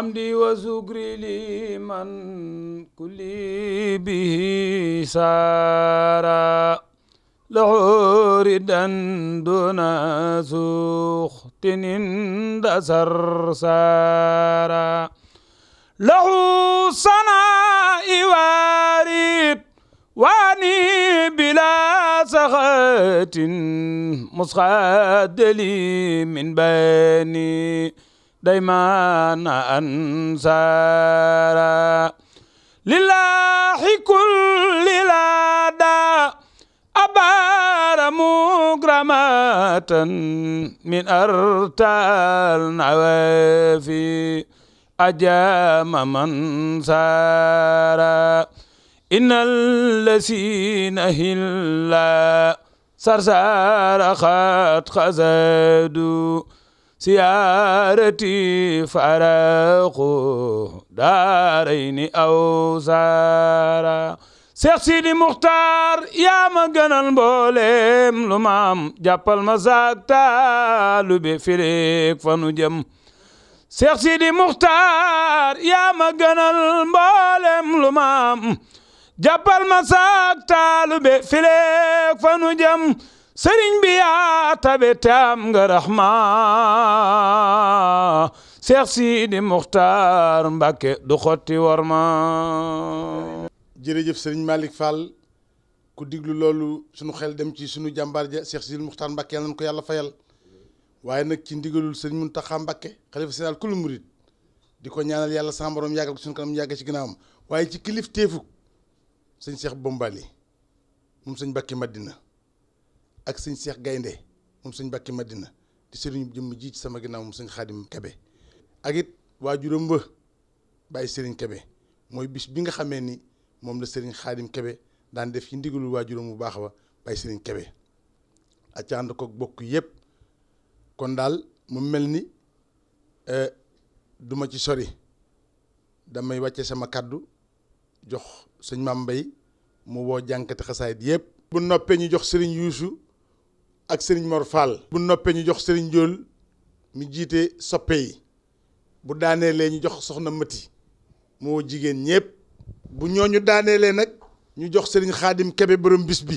hamdi wa sukri liman kulli bihi saara lahu ridan duna suxtin inda sarsara lahu sanaa'i waarid waani bila saxatin musxadali min bani ديمان أنسارا لله كل لادا أبار مكرمات من أرتال نوافي أجام من سارا إن الذين هلا سرسار خات خزادوا siyaarati faraqu daarayni aw saara Seex Sidi Muxtaar yaa ma gënal mboolem lu maam jàppal taalu be fileek fanu jëm Seex Sidi Muxtaar yaa ma gënal mboolem lu maam jàppal taalu be fileek fanu jëm sëriñ bi yaa tabe te am nga raxma Seex Sidi Muxtaar Mbàkke du xotti war ma jërëjëf sëriñ Malick Fall ku diglu loolu sunu xel dem ci sunu jàmbaar ja Seex Sidi Muxtaar Mbàkke yal nañu ko yàlla fayal waaye nag ci ndigalul sëriñ Muntaxa Mbàkke xalifa général kulu murit di ko ñaanal yàlla sama borom yàggal ko sunu kanam yàgg ci ginnaawam waaye ci kilif teefuk sëñ Seex Bombali moom sëñ Mbàkke Madina ak sëñ Seex Gaynde moom sëñ Bàkki Madina di sëriñ jëmm ji ci sama ginnaaw moom sëñ Xaadim Kebe ak it waajuram ba bàyyi sëriñ Kebe mooy bis bi nga xamee ni moom la sëriñ Xaadim Kebe daan def ci ndigalul waajuram bu baax ba bàyyi sëriñ Kebe ak ca ànd ko bokk yépp kon daal mu mel ni e, duma ci sori damay wàcce sama kàddu jox sëñ Maam Mbay mu woo jànkati xasaayit yépp bu noppee ñu jox sëriñ Yuusu ak sëriñ Mor Fall bu noppee ñu jox sëriñ Jool mu jiite soppe yi bu daaneelee ñu jox soxna Mati moo jigéen ñépp bu ñooñu daaneelee nag ñu jox sëriñ Xaadim Kebe borom bis bi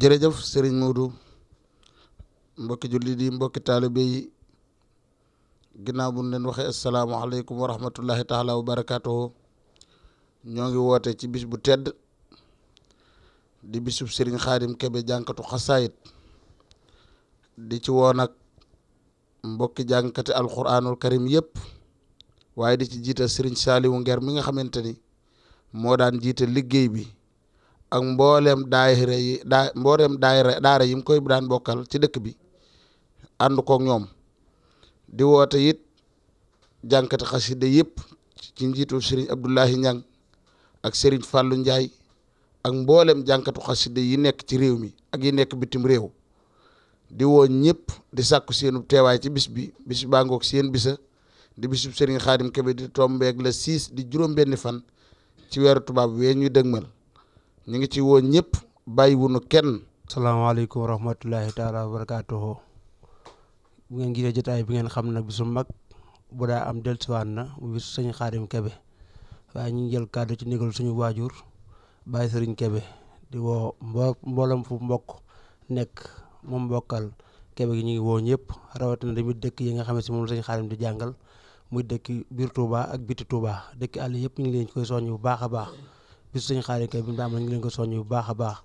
jërëjëf sëriñ Modou mbokki jullit di mbokki taalibe yi ginnaaw bu ñu leen waxee asalaamaaleykum wa rahmatullahi taala wa ñoo ngi woote ci bis bu tedd di bisub sëriñ Xaadim Kebe jànkatu xasaayit di ci woon ak mbokki jàngkati alquranul karim yëpp waaye di ci jiital Serigne Saliou Nguer mi nga xamante ni moo daan jiite liggéey bi ak mbooleem daayira yi daa mbooleem daayira koy daan bokkal ci dëkk bi ànd kook ñoom di woote it jànkati xaside yépp ci njiitu Serigne Abdoulahi Niang ak Serigne Fallou Ndiaye ak mbooleem jànkatu xaside yi nekk ci réew mi ak yi nekk bitim réew di woo ñëpp di sàkku seenu teewaay ci bis bi bis baa ngoog seen bisa di bisub Serigne Khadim Kébé di tombeeg le 6 di juróom-benni fan ci weeru tubaab wee ñuy dëgmal ñu ngi ci woo ñëpp bàyyi wunu kenn. salaamaaleykum wa rahmatulahi taala wa bu ngeen gisee jotaay bi ngeen xam nag bisu mag bu daa am dellusiwaat na mu bisu sëñ Khadim Kébé waaye ñu ngi jël kàddu ci néegal suñu waajur bàyyi Serigne Kébé di woo mbo mboolem fu mbokk nekk. moom bokkal Kébémer gi ñu ngi woo ñëpp rawatina tamit dëkk yi nga xam ne si moom la sëñ Xaadim di jàngal muy dëkk biir Touba ak biti Touba dëkk àll yëpp ñu ngi leen koy soññ bu baax a baax bisu sëñ Xaadim kay bi mu am na ñu ngi ko soññ bu baax a baax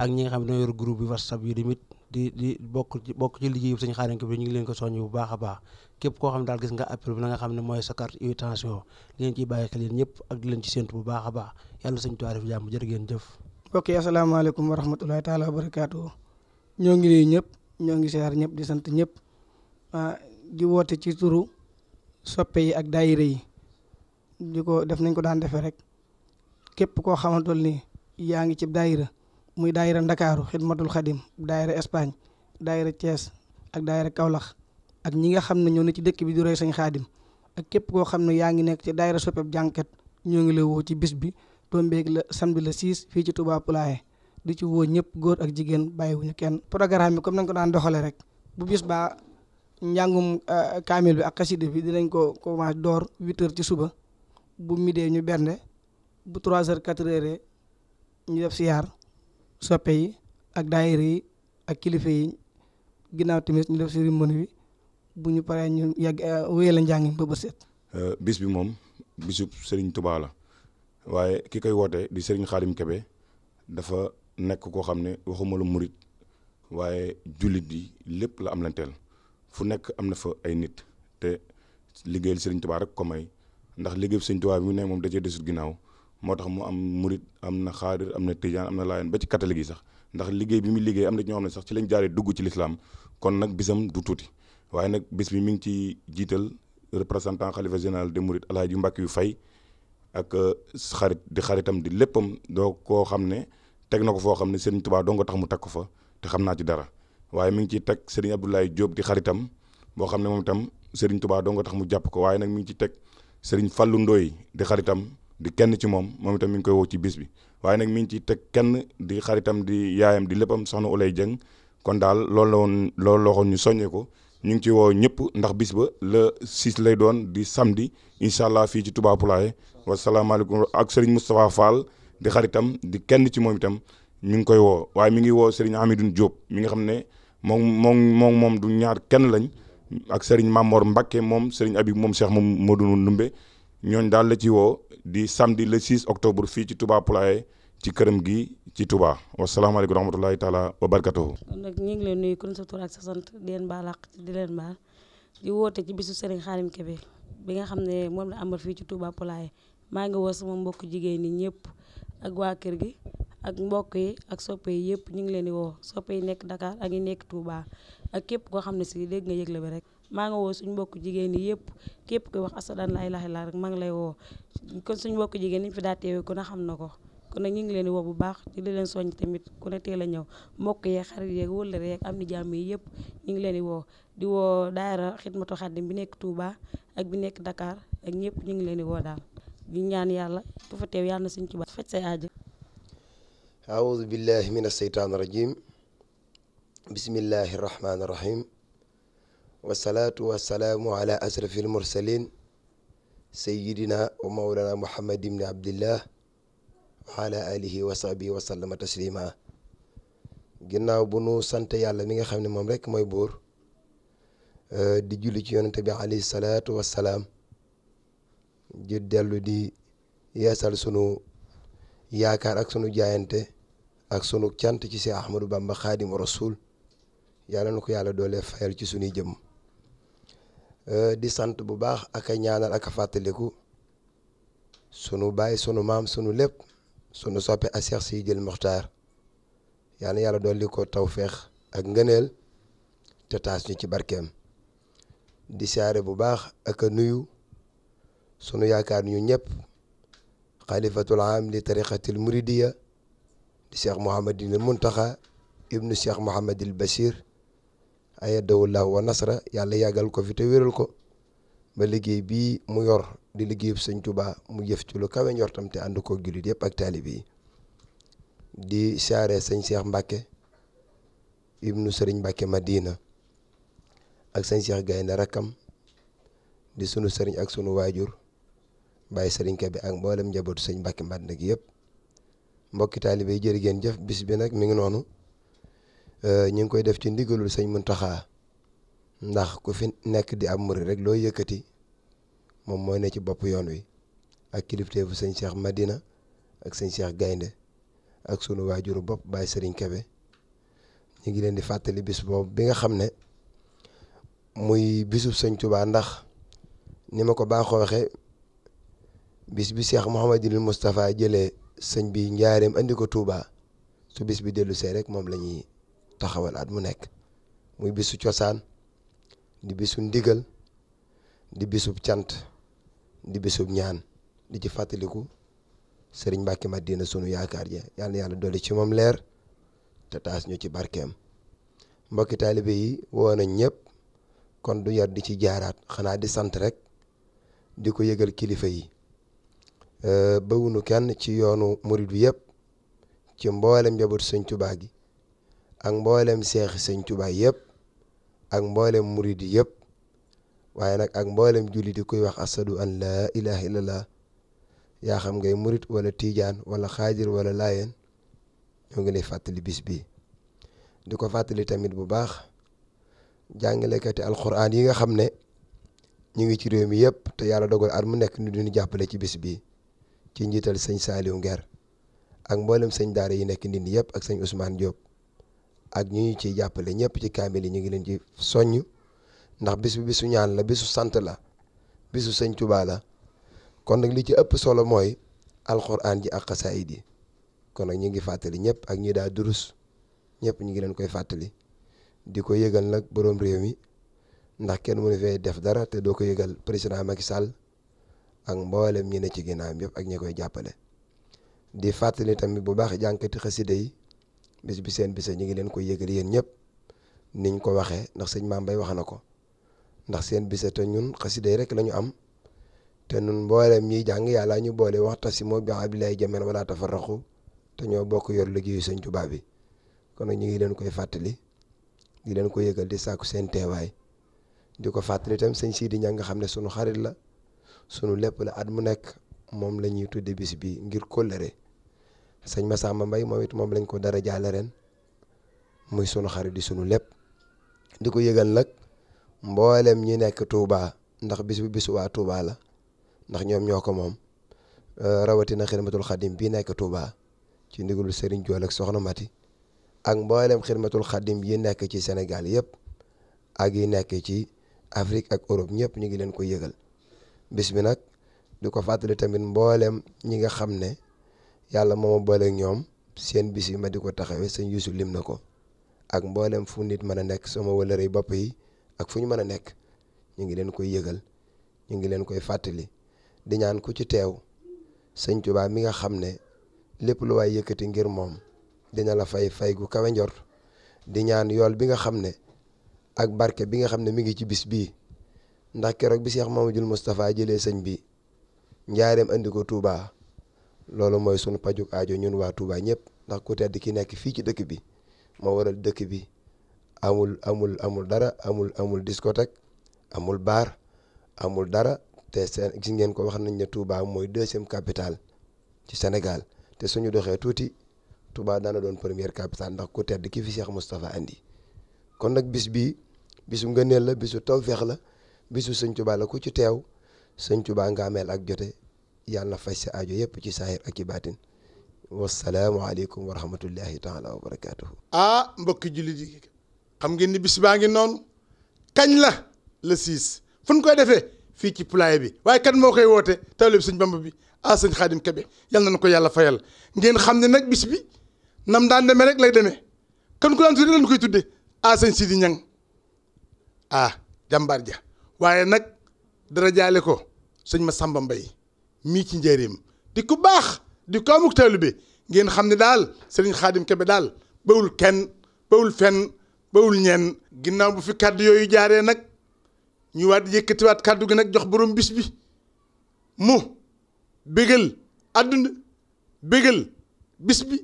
ak ñi nga xam ne dañoo yor groupe bi whatsapp di di bokk ci bokk ci liggéey sëñ ñu ngi leen ko soññ bu baax a baax képp koo xam daal gis nga appel bi na nga xam ne mooy sa carte invitation li leen ciy bàyyi xel yéen ñëpp ak di leen ci séntu bu baax a baax yàlla sëñ Tuubaa def jàmm jërë jëf mbokk yi asalaamaaleykum wa rahmatulahi wa barakaatu ñoo ngi nuyu ñëpp ñoo ngi siyaar ñëpp di sant ñëpp ah, di woote ci turu soppe yi ak daayira yi di ko def nañ ko daan defee rek képp koo xamantul nii yaa ngi ci daayira muy daayira Ndakaaru xidmatul xadim daayira Espagne daayira Thiès ak daayira Kaolack ak ñi nga xam ne ñoo ne ci dëkk bi di roy sañ xaadim ak képp koo xam ne yaa ngi nekk ci daayira soppeb jànkat ñoo ngi lay woo ci bis bi tombeeg la samedi la 6 fii ci Touba Poulaye di ci woo ñëpp góor ak jigéen ñu kenn programme bi comme nañ ko daan doxalee rek bu bis baa njàngum euh, kaamil bi ak xasida bi dinañ ko commencé door huit heures ci suba bu midee ñu bernde bu trois heures quatre heures ñu def siyaar soppe yi ak daayira yi ak kilifa yi ginnaaw tamit ñu def cérémonie bi bu ñu paree ñu yàgg euh, wéyal njàng ba ba set. Euh, bis bi moom bisub Serigne Touba la waaye ki koy woote di Serigne Khadim Kebe dafa. nekk koo xam ne waxuma la murit waaye jullit yi lépp la am lanteel fu nekk am na fa ay nit te liggéeyal Sëriñ Tuubaa rek ko may ndax liggéey Sëriñ Tuubaa bi mu ne moom da cee desut ginnaaw moo tax mu am murit am na xaadir am na tijaan am na laayeen ba ci catholique yi sax ndax liggéey bi muy liggéey am na ñoo xam ne sax ci lañ jaaree dugg ci lislaam kon nag bisam du tuuti waaye nag bis bi mi ngi ci jiital représentant xalifa général de murit Alaaji Mbàkke yu fay ak euh, xarit di xaritam di léppam doo koo xam ne teg na ko foo xam ne Serigne tubaa dong nga tax mu teg ko fa te xam naa ci dara waaye mi ngi ciy teg Serigne Abdoulaye Diop di xaritam boo xam ne moom itam Serigne tubaa dong nga tax mu jàpp ko waaye nag mi ngi ciy teg Serigne Fallou Ndoye di xaritam di kenn ci moom moom itam mi ngi koy woo ci bis bi waaye nag mi ngi ciy teg kenn di xaritam di yaayam di léppam soxna Ulay Jëng kon daal loolu la woon lool la waxoon ñu soññee ko ñu ngi ci woo ñëpp ndax bis ba le 6 lay doon di samedi incha allah fii ci Touba Poulaye wasalaamaaleykum ak Serigne Moustapha Fall. di xaritam di kenn ci moom itam mi ngi koy woo waaye mi ngi woo Serigne Amidoune Diop mi nga xam ne moom moom moom moom du ñaar kenn lañ ak Serigne Mamor Mbacke moom Serigne Abib moom Cheikh moom moo doon Ndumbe ñooñ daal la ci woo di samedi le 6 octobre fii ci Touba Poulaye ci gi ci Touba wasalaamaaleykum wa rahmatulahi taala wa barkatuhu. kon nag ñu sa tur ak sa sant di leen baal àq di leen baal di woote nga xam ne moom la fii ci Touba Poulaye maa ngi woo sama mbokk jigéen ñi ñëpp. ak waa kër gi ak mbokk yi ak soppe yi yëpp ñu ngi leen di woo soppe yi nekk dakaar ak yi nekk Touba ak képp koo xam ne si dégg nga yëgle rek maa ngi woo suñu mbokk jigéen yi yëpp képp koy wax asadan laa ilaaha illallaah rek maa ngi lay woo kon suñu mbokk jigéen ñi fi daa xam na ko kon nag ñu ngi leen di woo bu baax di leen soññ tamit ku ne teel ñëw mbokk yeeg xarit yeeg wëllëre yeeg am ni jàmm yi yëpp ñu ngi leen di woo di woo daayira xidmatu xaddim bi nekk tuubaa ak bi nekk Dakar ak ñëpp ñu ngi leen di woo daal di ñaan yàlla ku fa teew yàlla na suñ ci baax faj say aajo aoudu billahi min alsheytaan irajim bismillahi irrahmani irrahim wasalaatu wasalaamu ala ashrafi almursalin sayidina wa maulana muhammad ibni abdillah wa ala alihi wa sahbihi wa sallama taslima ginnaaw bu nu sant yàlla mi nga xam ne moom rekk mooy buur di julli ci yonente bi alayhi salaatu wassalaam di dellu di yeesal sunu yaakaar ak sunu jaayante ak sunu cant ci si Ahmadou Bamba xaadimu rasul yàlla na ko yàlla doole fayal ci sunuy jëm eh, di sant bu baax ak a ñaanal ak a fàttaliku sunu baay sunu maam sunu lépp sunu soppe a si jël Muxtaar yàlla na yàlla dool li ko tawféex ak ngëneel te taas ñu ci barkeem di saare bu baax ak a nuyu sunu yaakaar ñu ñëpp xalifatul am li tariqatil muridiya di cheikh mouhamadinil muntaxa ibnu cheikh mouhamadil basir ayadawullahu wa nasra yàlla yàggal ko fi te wérul ko ba liggéey bi mu yor di liggéeyub sëñ tubaa mu jëf ci lu kawe njortam te ànd koo jullit yëpp ak taalib yi di saare sëñ cheikh mbàkke ibnu sëriñ mbàkke madina ak sëñ cheikh gaynde rakkam di sunu sëriñ ak sunu waajur bàyyi sëriñ Kebe ak mboolem njabootu sëñ Mbàkke Mbànd gi yëpp mbokki taalibe yi jërë jëf bis bi nag mu ngi noonu euh, ñu ngi koy def ci ndigalul sëñ Muntaxa ndax ku fi nekk di am murid rek loo yëkkati moom mooy ne ci bopp yoon wi ak kilifteefu sëñ Cheikh Madina ak sëñ Cheikh Gaynde ak sunu waajuru bopp bàyyi sëriñ Kebe ñu ngi leen di fàttali bis boobu bi nga xam ne muy bisu sëñ Tuubaa ndax ni ma ko baaxoo waxee bis bi seex Mouhamadul Moustapha jëlee sëñ bi njaareem andi ko Touba su bis bi dellu see rek moom lañuy ñuy taxawal at mu nekk muy bisu cosaan di bisu ndigal di bisub cant di bisub ñaan di ci fàttaliku sëriñ Mbàkke Madina sunu yaakaar ja yal na yàlla dolli ci moom leer te taas ñu ci barkeem mbokki taalibe yi woo nañ ñëpp kon du yar di ci jaaraat xanaa di sant rek di ko yëgal kilifa yi. Eh, bawunu kenn ci yoonu murit bi yëpp ci mboolem njaboot sëñ gi ak mboolem seexi sëñ Tuubaa yëpp ak mboolem murit yi yëpp waaye nag ak mboolem jullit di koy wax asadu an laa ilaha illallah yaa xam ngay murit wala tiijaan wala xaajir wala laayeen ñoo ngi lay fàttali bis bi di ko fàttali tamit bu baax jàngalekati alxuraan yi nga xam ne ñu ngi ci réew mi yëpp te yàlla dogal at mu nekk ñu duñu jàppale ci bis bi ci njiital sëñ Saliou Nguer ak mboolem sëñ daara yi nekk ndindi yëpp ak sëñ Ousmane Diop ak ñu ñu ciy jàppale ñëpp ci kaamil yi ñu ngi leen ci soññ ndax bis bi bisu ñaan la bisu sant la bisu sëñ Touba la kon nag li ci ëpp solo mooy alxuraan ji ak xasaayid yi kon nag ñu ngi fàttali ñëpp ak ñi daa durus ñëpp ñu ngi leen koy fàttali di ko yëgal nag boroom réew mi ndax kenn mënu fee def dara te doo ko yëgal président Macky Sall ak mboolem ñi ne ci ginnaawam yëpp ak ñi koy jàppale di fàttali tamit bu baax jànkati xasida yi bis bi seen bisa ñu ngi leen koy yëgal yéen ñëpp niñ ko waxee ndax sëñ maam bay wax na ko ndax seen bisa te ñun xasida yi rek la ñu am te ñun mboolem ñiy jàng yàlla ñu boole wax tasimo bi abillahi jamen wala tafarraqu te ñoo bokk yor liggéeyu sëñ Tuubaa bi kon nag ñu ngi leen koy fàttali di leen ko yëgal di saaku seen teewaay di ko fàttali tam sëñ Sidi ña nga xam ne sunu xarit la sunu lépp la at mu nekk moom la ñuy tudde bis bi ngir kóllëre sëñ Massamba Mbaye moom it moom lañ ko dara jaale ren muy sunu xarit di sunu lépp di ko yëgal nag mboolem ñi nekk Touba ndax bis bu bisu waa Touba la ndax ñoom ñoo ko moom euh, rawatina xidmatul xadim bi nekk Touba ci ndigalu Serigne Diol ak Soxna Mati ak mboolem xidmatul xadim yi nekk ci senegal yëpp ak yi nekk ci Afrique ak Europe ñëpp ñu ngi leen ko yëgal. bis bi nag di ko fàttali tamit mboolem ñi nga xam ne yàlla moo ma booleeg ñoom seen bis bi ma di ko taxawee sëñ Yuusu lim na ko ak mboolem fu nit mën a nekk sama wëlërëy bopp yi ak fu ñu mën a nekk ñu ngi leen koy yëgal ñu ngi leen koy fàttali di ñaan ku ci teew sëñ Tuubaa mi nga xam ne lépp lu waay yëkkati ngir moom dina la fay fay gu kawe di ñaan yool bi nga xam ne ak barke bi nga xam ne mu ngi ci bis bii. ndax keroog bi seex Cheikh Mamadou Moustapha jëlee sañ bi njaareem indi ko Touba loolu mooy sunu pajuk aajo ñun waa Touba ñëpp ndax ku tedd ki nekk fii ci dëkk bi moo waral dëkk bi amul amul amul dara amul amul discothèque amul baar amul dara te seen gis ngeen ko wax nañ ne Touba mooy deuxième capital ci Sénégal te suñu doxee tuuti Touba daana doon première capitale ndax ku tedd ki fi Cheikh Moustapha andi kon nag bis bi bisu ngëneel la bisu tawféex la. bisu sëñ Tuubaa la ku ci teew sëñ Tuubaa nga ameel ak jote yàlla na faj sa aajo yëpp ci saahir ak ci baatin wasalaamualeykum wa rahmatullahi taala wa barakaatuhu. ah mbokki jullit yi xam ngeen ni bis baa ngi noonu kañ la le 6 fu ñu koy defee fii ci poulailler bi waaye kan moo koy woote taalib sëñ Bamba bi ah sëñ Xaadim Kebe yal na ko yàlla fayal ngeen xam ne nag bis bi nam daan demee rek lay demee kan ku daan tuddee lan koy tuddee ah sëñ Sidi Ñang ah jàmbaar ja waaye nag dara jaale ko sëñ ma Samba Mbay mii ci njëriñam di ku baax di ko amuk bi ngeen xam ne daal sëriñ Xaadim Kebe daal bawul kenn bawul fenn bawul ñenn ginnaaw bu fi kàddu yooyu jaaree nag ñu waat yëkkatiwaat kàddu gi nag jox borom bis bi mu bégal àdduna bégal bis bi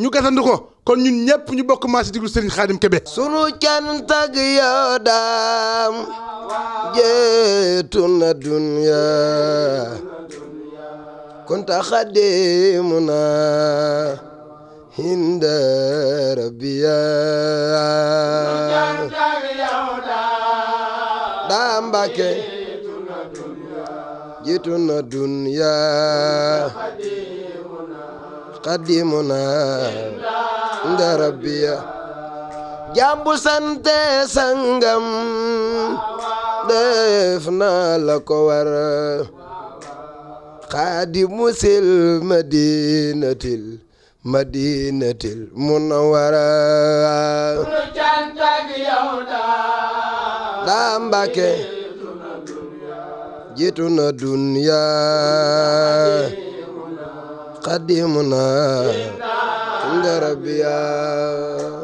ñu gasandu ko kon ñun ñëpp ñu bokk maa si diglu sëriñ Xaadim Kebe sunu cant ak yow daam جئتنا الدنيا كنت خديمنا هند ربيا دامبك جئتنا الدنيا قديمنا هند ربيا جابو سنتي سنغم def na la ko war xaadimu sil madinatil madinatil munawara daa Mbàkke jiitu na dunya xadimu na inda rabbiya